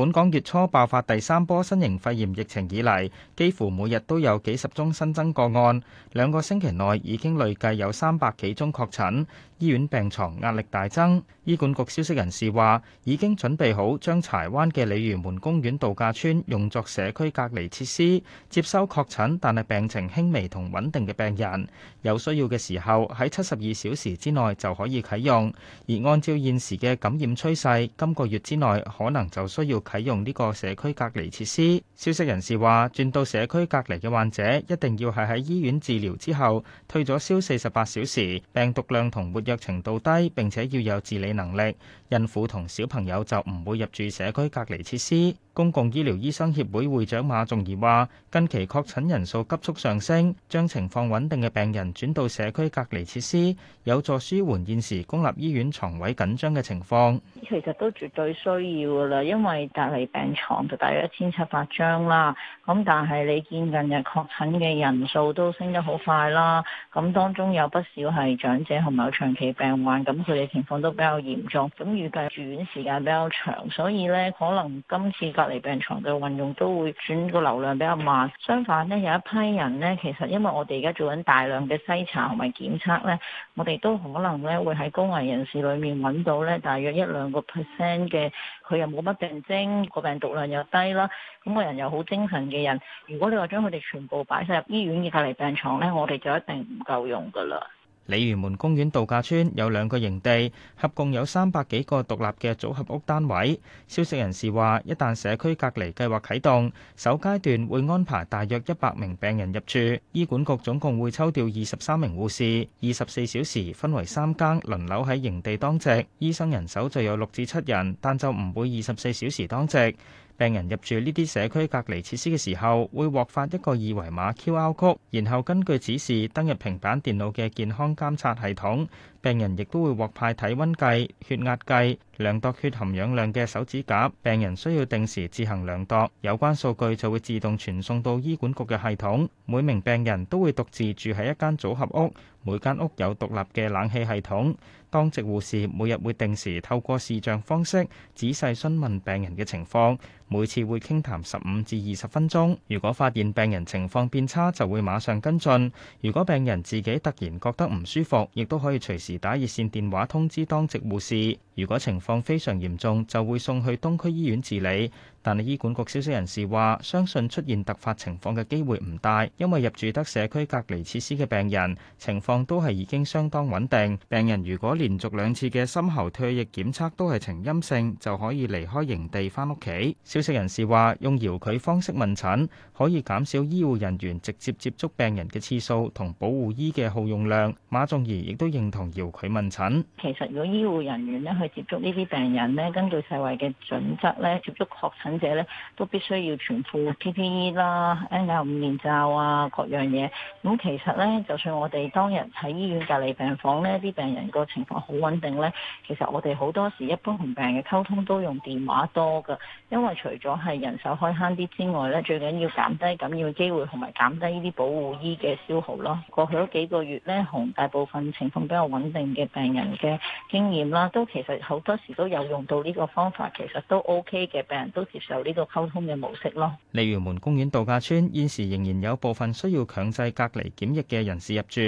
本港月初爆發第三波新型肺炎疫情以嚟，幾乎每日都有幾十宗新增個案。兩個星期內已經累計有三百幾宗確診，醫院病床壓力大增。醫管局消息人士話，已經準備好將柴灣嘅鯉魚門公園度假村用作社區隔離設施，接收確診但係病情輕微同穩定嘅病人。有需要嘅時候喺七十二小時之內就可以啟用。而按照現時嘅感染趨勢，今個月之內可能就需要啟用呢個社區隔離設施，消息人士話，轉到社區隔離嘅患者一定要係喺醫院治療之後退咗燒四十八小時，病毒量同活躍程度低，並且要有自理能力。孕婦同小朋友就唔會入住社區隔離設施。公共醫療醫生協會會長馬仲儀話，近期確診人數急速上升，將情況穩定嘅病人轉到社區隔離設施，有助舒緩現時公立醫院床位緊張嘅情況，其實都絕對需要噶啦，因為。隔離病床就大約一千七百張啦，咁但係你見近日確診嘅人數都升得好快啦，咁當中有不少係長者同埋有長期病患，咁佢哋情況都比較嚴重，咁預計住院時間比較長，所以呢，可能今次隔離病床嘅運用都會轉個流量比較慢。相反呢，有一批人呢，其實因為我哋而家做緊大量嘅篩查同埋檢測呢，我哋都可能呢會喺高危人士裏面揾到呢大約一兩個 percent 嘅佢又冇乜病徵。個病毒量又低啦，咁個人又好精神嘅人，如果你話將佢哋全部擺晒入醫院嘅隔離病床咧，我哋就一定唔夠用噶啦。鯉魚門公園度假村有兩個營地，合共有三百幾個獨立嘅組合屋單位。消息人士話，一旦社區隔離計劃啟動，首階段會安排大約一百名病人入住。醫管局總共會抽調二十三名護士，二十四小時分為三更輪流喺營地當值。醫生人手就有六至七人，但就唔會二十四小時當值。病人入住呢啲社區隔離設施嘅時候，會獲發一個二維碼 QR code。然後根據指示登入平板電腦嘅健康監測系統。病人亦都會獲派體溫計、血壓計、量度血含氧量嘅手指夾。病人需要定時自行量度，有關數據就會自動傳送到醫管局嘅系統。每名病人都會獨自住喺一間組合屋。每間屋有獨立嘅冷氣系統。當值護士每日會定時透過視像方式，仔細詢問病人嘅情況，每次會傾談十五至二十分鐘。如果發現病人情況變差，就會馬上跟進。如果病人自己突然覺得唔舒服，亦都可以隨時打熱線電話通知當值護士。如果情況非常嚴重，就會送去東區醫院治理。但係醫管局消息人士話，相信出現突發情況嘅機會唔大，因為入住得社區隔離設施嘅病人情況都係已經相當穩定。病人如果連續兩次嘅深喉唾液檢測都係呈陰性，就可以離開營地翻屋企。消息人士話，用遙距方式問診可以減少醫護人員直接接觸病人嘅次數同保護衣嘅耗用量。馬仲儀亦都認同遙距問診。其實如果醫護人員呢去接觸呢啲病人咧，根據世衞嘅準則咧，接觸確診者咧都必須要全副 PPE 啦，N95 面罩啊，各樣嘢。咁、嗯、其實呢，就算我哋當日喺醫院隔離病房呢啲病人個情況好穩定呢，其實我哋好多時一般同病人嘅溝通都用電話多噶，因為除咗係人手開慳啲之外呢，最緊要減低感染嘅機會，同埋減低呢啲保護衣嘅消耗咯。過去嗰幾個月呢，同大部分情況比較穩定嘅病人嘅經驗啦，都其實～好多時都有用到呢個方法，其實都 OK 嘅，病人都接受呢個溝通嘅模式咯。鯉魚門公園度假村現時仍然有部分需要強制隔離檢疫嘅人士入住。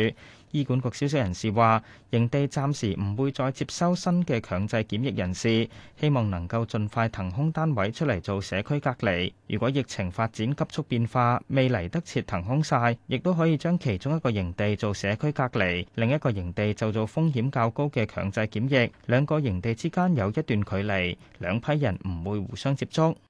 醫管局消息人士話：營地暫時唔會再接收新嘅強制檢疫人士，希望能夠盡快騰空單位出嚟做社區隔離。如果疫情發展急速變化，未嚟得切騰空晒，亦都可以將其中一個營地做社區隔離，另一個營地就做風險較高嘅強制檢疫。兩個營地之間有一段距離，兩批人唔會互相接觸。